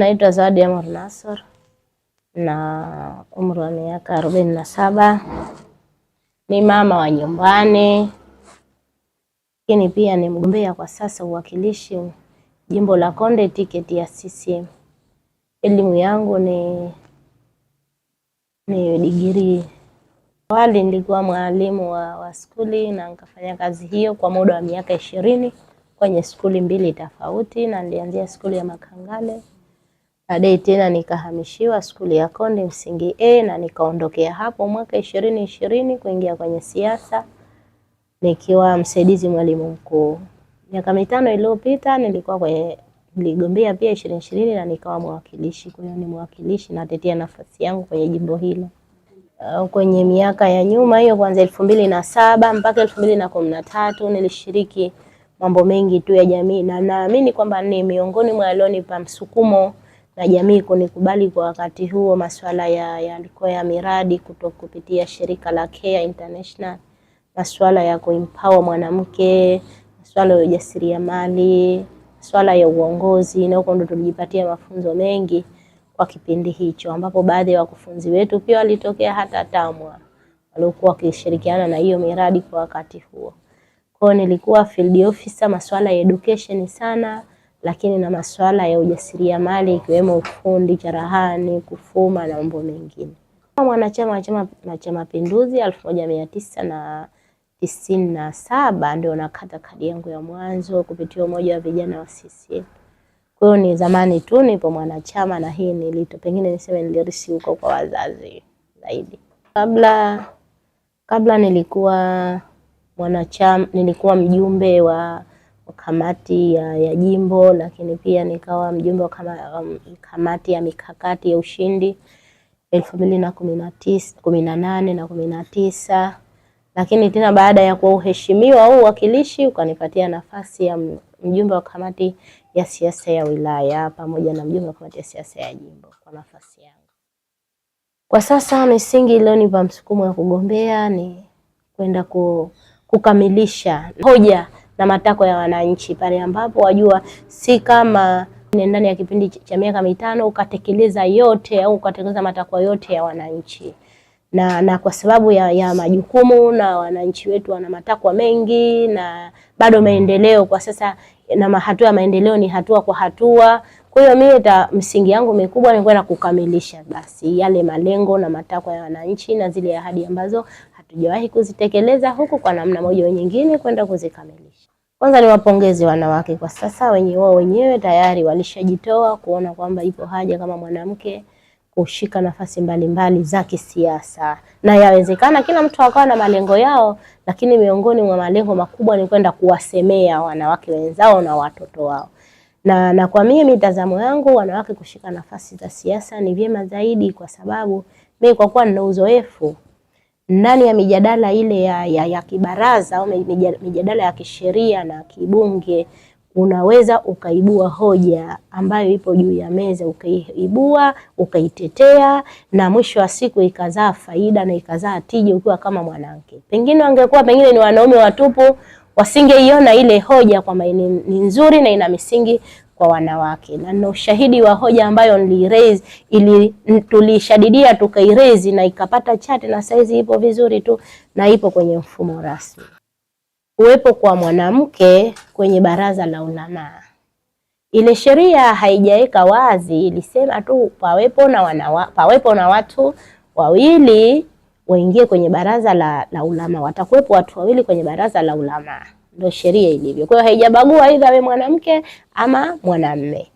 Naitwa Zawadi Amor Nasor na umri wa miaka arobaini na saba. Ni mama wa nyumbani, lakini pia ni mgombea kwa sasa uwakilishi jimbo la Konde, tiketi ya CCM. Elimu yangu ni ni digirii. Awali nilikuwa mwalimu wa, wa skuli na nikafanya kazi hiyo kwa muda wa miaka ishirini kwenye skuli mbili tofauti, na nilianzia skuli ya Makangale Baadaye tena nikahamishiwa skuli ya Konde msingi A na nikaondokea hapo mwaka ishirini ishirini kuingia kwenye siasa nikiwa msaidizi mwalimu mkuu. Miaka mitano iliyopita nilikuwa kwenye niligombea pia ishirini ishirini na nikawa mwakilishi. Kwa hiyo ni mwakilishi, natetea nafasi yangu kwenye jimbo hilo. Uh, kwenye miaka ya nyuma hiyo, kuanzia elfu mbili na saba mpaka elfu mbili na kumi na tatu nilishiriki mambo mengi tu ya jamii, na naamini kwamba ni miongoni mwa alionipa msukumo na jamii kunikubali kwa wakati huo. Masuala ya yalikuwa ya miradi kutoka kupitia shirika la Care International, masuala ya kuempower mwanamke, masuala ya ujasiriamali, masuala ya uongozi, na huko ndo tulijipatia mafunzo mengi kwa kipindi hicho, ambapo baadhi ya wakufunzi wetu pia walitokea hata TAMWA waliokuwa wakishirikiana na hiyo miradi kwa wakati huo. Kwa hiyo nilikuwa field officer masuala ya education sana lakini na masuala ya ujasiriamali ikiwemo ufundi, cherehani, kufuma na mambo mengine. Mwanachama wa Chama cha Mapinduzi elfu moja mia tisa na tisini na saba ndio nakata kadi yangu ya mwanzo kupitia umoja wa vijana wa CCM. Kwa hiyo ni zamani tu nipo mwanachama, na hii nilito pengine niseme nilirisi huko kwa wazazi zaidi. Kabla kabla nilikuwa mwanachama, nilikuwa mjumbe wa kamati ya, ya jimbo, lakini pia nikawa mjumbe wa kama, um, kamati ya mikakati ya ushindi elfu mbili na kumi na nane na kumi na tisa lakini tena baada ya kuwa uheshimiwa au uwakilishi ukanipatia nafasi ya mjumbe wa kamati ya siasa ya wilaya pamoja na mjumbe wa kamati ya siasa ya jimbo kwa nafasi yangu. Kwa sasa misingi iliyonipa msukumo wa kugombea ni kwenda ku, kukamilisha hoja na matakwa ya wananchi, pale ambapo wajua si kama ndani ya kipindi cha miaka mitano ukatekeleza yote au ukatekeleza matakwa yote ya wananchi na, na kwa sababu ya, ya majukumu na wananchi wetu wana matakwa mengi, na bado maendeleo kwa sasa na hatua ya maendeleo ni hatua kwa hatua. Kwa hiyo mimi ta msingi yangu mikubwa ni kwenda kukamilisha basi yale malengo na matakwa ya wananchi na zile ahadi ambazo hatujawahi kuzitekeleza huku, kwa namna moja au nyingine kwenda kuzikamilisha. Kwanza ni wapongeze wanawake kwa sasa, wenye wao wenyewe tayari walishajitoa kuona kwamba ipo haja kama mwanamke kushika nafasi mbalimbali za kisiasa, na yawezekana kila mtu akawa na malengo yao, lakini miongoni mwa malengo makubwa ni kwenda kuwasemea wanawake wenzao na watoto wao. Na, na kwa mimi mitazamo yangu wanawake kushika nafasi za siasa ni vyema zaidi, kwa sababu mimi kwa kuwa nina uzoefu ndani ya mijadala ile ya, ya, ya kibaraza au mijadala ya kisheria na kibunge unaweza ukaibua hoja ambayo ipo juu ya meza, ukaibua ukaitetea, na mwisho wa siku ikazaa faida na ikazaa tija ukiwa kama mwanamke. Pengine wangekuwa pengine ni wanaume watupu, wasingeiona ile hoja kwamba ni nzuri na ina misingi kwa wanawake, na ndio ushahidi wa hoja ambayo niliraise, ili tulishadidia tukairaise na ikapata chati, na saizi ipo vizuri tu na ipo kwenye mfumo rasmi. Uwepo kwa mwanamke kwenye baraza la ulamaa, ile sheria haijaweka wazi, ilisema tu pawepo na wanawa, pawepo na watu wawili waingie kwenye baraza la, la ulamaa. Watakuwepo watu wawili kwenye baraza la ulamaa ndio sheria ilivyo. Kwa hiyo haijabagua aidha we mwanamke ama mwanamme.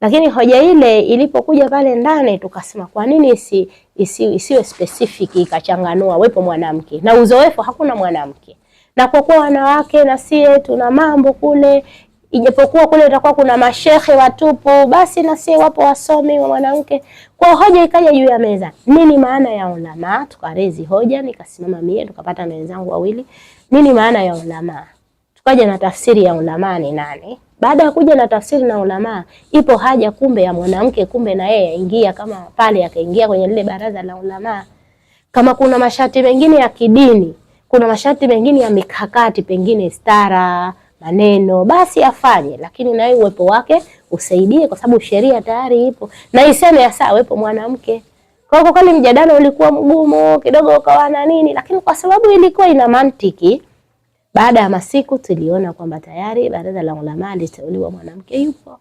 Lakini hoja ile ilipokuja pale ndani tukasema kwa nini isi, isi, isiwe specific ikachanganua wepo mwanamke. Na uzoefu hakuna mwanamke. Na kwa kuwa wanawake na sie tuna mambo kule ijapokuwa kule itakuwa kuna mashehe watupu, basi na sie wapo wasomi wa mwanamke. Kwa hoja ikaja juu ya meza, nini maana ya ulama? Tukarezi hoja, nikasimama mie, tukapata na wenzangu wawili, nini maana ya ulama? Kaja na tafsiri ya ulamaa ni nani? Baada ya kuja na tafsiri na ulamaa, ipo haja kumbe ya mwanamke kumbe na yeye aingia kama pale akaingia kwenye lile baraza la ulamaa. Kama kuna masharti mengine ya kidini, kuna masharti mengine ya mikakati, pengine stara, maneno, basi afanye, lakini na yeye uwepo wake usaidie, kwa sababu sheria tayari ipo na iseme hasa awepo mwanamke. Kwa hiyo kweli mjadala ulikuwa mgumu kidogo, ukawa na nini, lakini kwa sababu ilikuwa ina mantiki baada ya masiku tuliona kwamba tayari baraza la ulama aliteuliwa mwanamke yupo.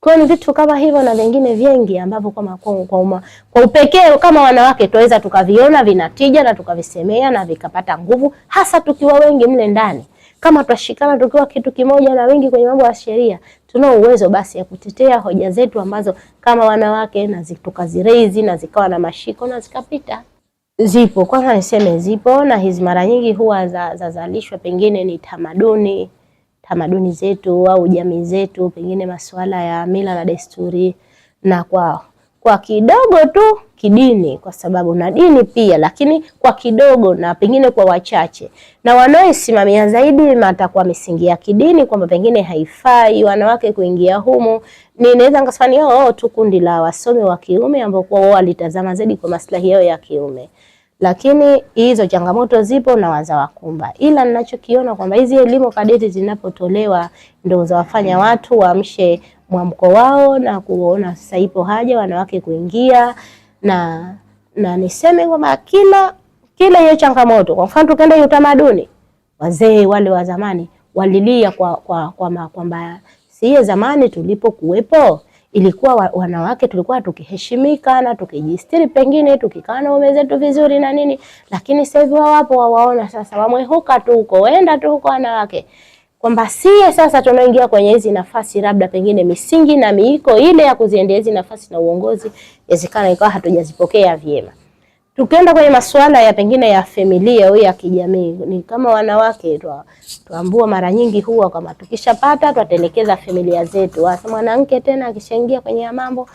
Kwa hiyo ni vitu kama hivyo na vingine vingi ambavyo kwa, makongo kwa, uma, kwa upekee kama wanawake tuweza tukaviona vinatija na tukavisemea na vikapata nguvu, hasa tukiwa wengi mle ndani. Kama twashikana tukiwa kitu kimoja na wengi kwenye mambo ya sheria, tuna uwezo basi ya kutetea hoja zetu ambazo kama wanawake na tukazirezi na zikawa na mashiko na zikapita. Zipo, kwanza niseme zipo, na hizi mara nyingi huwa zazalishwa za pengine ni tamaduni tamaduni zetu au jamii zetu, pengine masuala ya mila na desturi, na kwa kwa kidogo tu kidini, kwa sababu na dini pia, lakini kwa kidogo na pengine kwa wachache, na wanaoisimamia zaidi matakuwa misingi ya kidini, kwamba pengine haifai wanawake kuingia humu ninaweza nikasema wao oh, tu kundi la wasomi wa kiume ambao kwa wao walitazama zaidi kwa maslahi yao ya kiume, lakini hizo changamoto zipo na wazawakumba, ila ninachokiona kwamba hizi elimu kadeti zinapotolewa ndio zawafanya watu waamshe mwamko wao na kuona sasa ipo haja wanawake kuingia na na niseme kwamba kila kila hiyo changamoto, kwa mfano tukaenda utamaduni, wazee wale wa zamani walilia kwa kwamba kwa, kwa sie zamani tulipokuwepo ilikuwa wanawake tulikuwa tukiheshimika na tukijistiri, pengine tukikaa na ume zetu vizuri na nini, lakini sasa hivi wapo wawaona sasa, wamwehuka tu huko, wenda tu huko wanawake, kwamba sie sasa tunaingia kwenye hizi nafasi, labda pengine misingi na miiko ile ya kuziendea hizi nafasi na uongozi, yawezekana ikawa hatujazipokea vyema. Tukienda kwenye masuala ya pengine ya familia au ya kijamii, ni kama wanawake twa, twambua mara nyingi huwa kama tukishapata twatelekeza familia zetu. Hasa mwanamke tena akishaingia kwenye mambo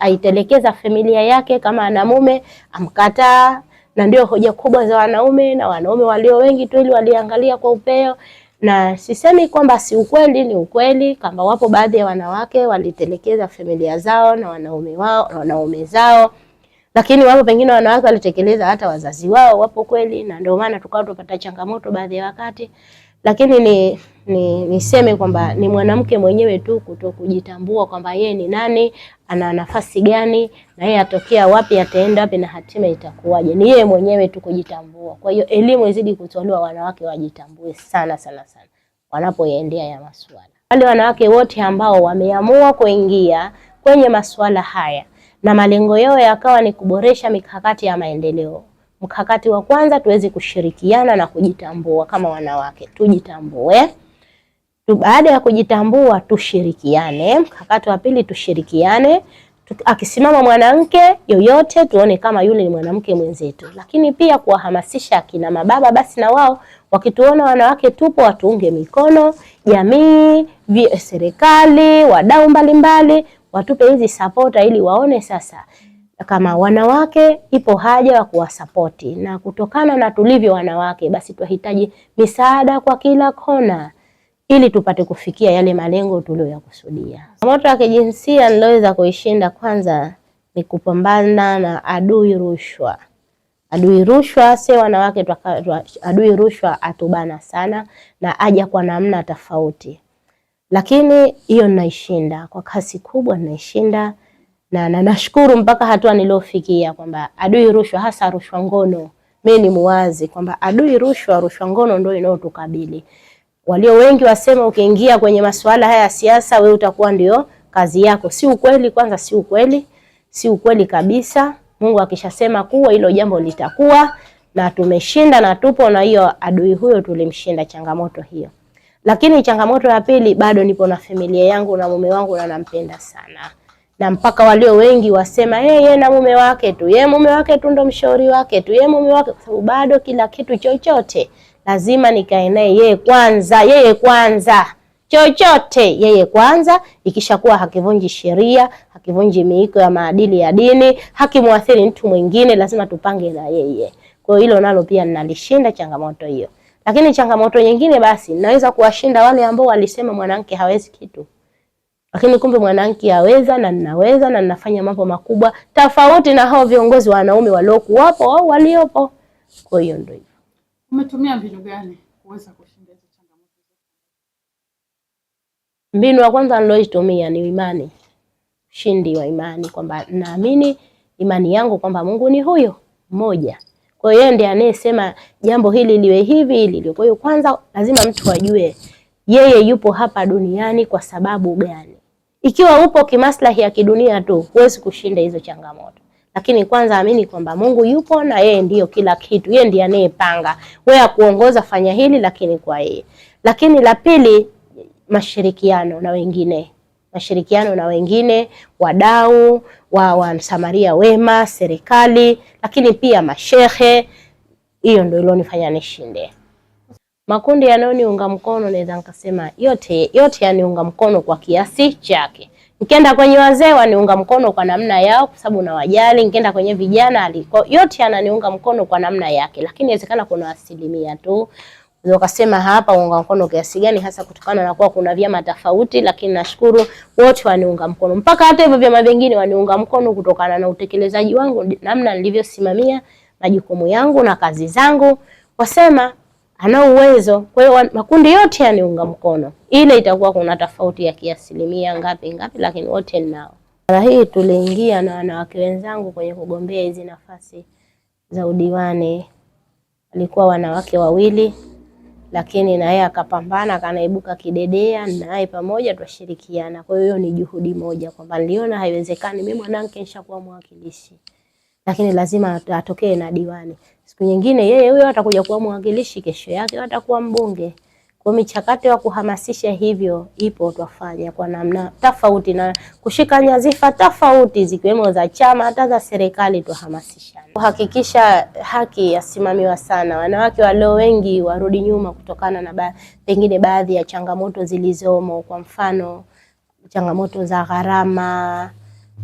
aitelekeza familia yake, kama ana mume amkataa, na ndio hoja kubwa za wanaume na wanaume walio wengi tu, ili waliangalia kwa upeo na sisemi kwamba si ukweli, ni ukweli kwamba wapo baadhi ya wanawake walitelekeza familia zao na wanaume wao na wanaume zao lakini wapo pengine wanawake walitekeleza hata wazazi wao, wapo kweli, na ndio maana tukawa tupata changamoto baadhi ya wakati. Lakini ni ni niseme kwamba ni mwanamke mwenyewe tu kuto kujitambua kwamba yeye ni nani, ana nafasi gani, na yeye atokea wapi, ataenda wapi, na hatima itakuwaje, ni yeye mwenyewe tu kujitambua. Kwa hiyo elimu izidi kutolewa, wanawake wajitambue sana sana sana wanapoendea ya masuala. Wale wanawake wote ambao wameamua kuingia kwenye masuala haya na malengo yao yakawa ni kuboresha mikakati ya maendeleo. Mkakati wa kwanza, tuweze kushirikiana na kujitambua kama wanawake, tujitambue tu. Baada ya kujitambua, tushirikiane. Mkakati wa pili, tushirikiane akisimama mwanamke yoyote tuone kama yule ni mwanamke mwenzetu, lakini pia kuwahamasisha akina mababa, basi na wao wakituona wanawake tupo, watuunge mikono, jamii, serikali, wadau mbalimbali watupe hizi sapota ili waone sasa kama wanawake ipo haja ya kuwasapoti, na kutokana na tulivyo wanawake, basi tunahitaji misaada kwa kila kona ili tupate kufikia yale malengo tuliyoyakusudia. moto ya kijinsia niloweza kuishinda kwanza ni kupambana na adui rushwa. Adui rushwa si wanawake, adui rushwa atubana sana na aja kwa namna tofauti lakini hiyo naishinda kwa kasi kubwa, naishinda na, nashukuru na mpaka hatua niliofikia kwamba adui rushwa, hasa rushwa ngono. Mimi ni muwazi kwamba adui rushwa, rushwa ngono ndio inayotukabili. Walio wengi wasema ukiingia kwenye masuala haya ya siasa we utakuwa ndio kazi yako. Si ukweli, kwanza si ukweli, si ukweli kabisa. Mungu akishasema kuwa hilo jambo litakuwa, na tumeshinda na tupo na hiyo adui huyo tulimshinda changamoto hiyo. Lakini changamoto ya pili, bado nipo na familia yangu na mume wangu na nampenda sana, na mpaka walio wengi wasema eh, yeye hey, na mume wake tu, yeye mume wake tu ndo mshauri wake tu, yeye mume wake, kwa sababu bado kila kitu chochote lazima nikae naye yeye kwanza, yeye kwanza chochote yeye kwanza. Ikishakuwa hakivunji sheria, hakivunji miiko ya maadili ya dini, hakimwathiri mtu mwingine, lazima tupange na yeye. Kwa hiyo hilo nalo pia ninalishinda changamoto hiyo. Lakini changamoto nyingine basi naweza kuwashinda wale ambao walisema mwanamke hawezi kitu. Lakini kumbe mwanamke aweza na ninaweza na ninafanya mambo makubwa tofauti na hao viongozi wanaume waliokuwapo au waliopo. Kwa hiyo ndio hivyo. Umetumia mbinu gani kuweza kushinda hizo changamoto? Mbinu ya kwanza niloitumia ni imani. Ushindi wa imani kwamba naamini imani yangu kwamba Mungu ni huyo mmoja kwa hiyo yeye ndiye anayesema jambo hili liwe hivi ili Kwa hiyo kwanza lazima mtu ajue yeye yupo hapa duniani kwa sababu gani. Ikiwa upo kimaslahi ya kidunia tu, huwezi kushinda hizo changamoto. Lakini kwanza amini kwamba Mungu yupo na yeye ndiyo kila kitu. Yeye ndiye anayepanga. Wewe akuongoza fanya hili lakini kwa yeye. Lakini la pili, mashirikiano na wengine. Mashirikiano na wengine, wadau wa Wansamaria wema, serikali, lakini pia mashehe. Hiyo ndio ilionifanya nishinde. Makundi yanayoniunga mkono naweza nikasema yote yote yaniunga mkono kwa kiasi chake. Nikienda kwenye wazee waniunga mkono kwa namna yao, kwa sababu nawajali. Nikienda kwenye vijana aliko yote yananiunga mkono kwa namna yake, lakini inawezekana kuna asilimia tu ukasema hapa unga mkono kiasi gani hasa, kutokana na kuwa kuna vyama tofauti, lakini nashukuru wote waniunga mkono, mpaka hata hivyo vyama vingine waniunga mkono kutokana na utekelezaji wangu, namna nilivyosimamia majukumu yangu na kazi zangu, wasema ana uwezo. Kwa hiyo makundi yote yaniunga mkono, ile itakuwa kuna tofauti ya kiasilimia ngapi ngapi, lakini wote ninao. Mara hii tuliingia na wanawake wenzangu kwenye kugombea hizi nafasi za udiwani, walikuwa wanawake wawili lakini yeye akapambana akanaibuka kidedea, naye pamoja twashirikiana. Kwa hiyo ni juhudi moja kwamba niliona haiwezekani, mimi mwanamke nishakuwa mwakilishi, lakini lazima atokee na diwani. Siku nyingine yeye huyo atakuja kuwa mwakilishi, kesho yake atakuwa mbunge. Kwa michakato ya kuhamasisha hivyo ipo, twafanya kwa namna tofauti na kushika nyazifa tofauti zikiwemo za chama hata za serikali, twahamasisha kuhakikisha haki yasimamiwa sana. Wanawake walio wengi warudi nyuma kutokana na ba, pengine baadhi ya changamoto zilizomo, kwa mfano changamoto za gharama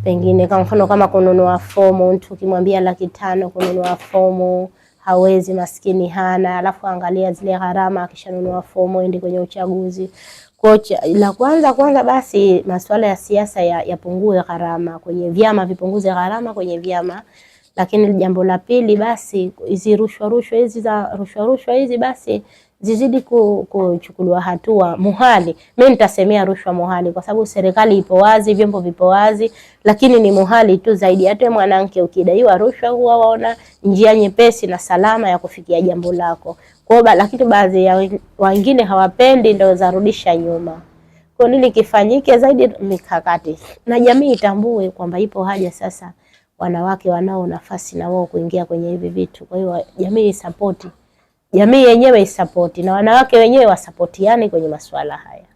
pengine, kwa mfano kama kununua fomu, mtu ukimwambia laki tano kununua fomu hawezi maskini, hana alafu angalia zile gharama, akishanunua fomu ende kwenye uchaguzi. Kocha la kwanza kwanza, basi masuala ya siasa yapungue ya gharama kwenye vyama, vipunguze gharama kwenye vyama lakini jambo la pili basi, hizi rushwa rushwa hizi za rushwa rushwa hizi basi zizidi kuchukuliwa hatua muhali. Mimi nitasemea rushwa muhali, kwa sababu serikali ipo wazi, vyombo vipo wazi, lakini ni muhali tu zaidi. Hata mwanamke ukidaiwa rushwa, huwa waona njia nyepesi na salama ya kufikia jambo lako kwa, lakini baadhi ya wengine hawapendi, ndio zarudisha nyuma. Kwa nini kifanyike zaidi mikakati, na jamii itambue kwamba ipo haja sasa wanawake wanao nafasi na wao kuingia kwenye hivi vitu. Kwa hiyo jamii isapoti, jamii yenyewe isapoti na wanawake wenyewe wasapotiane kwenye masuala haya.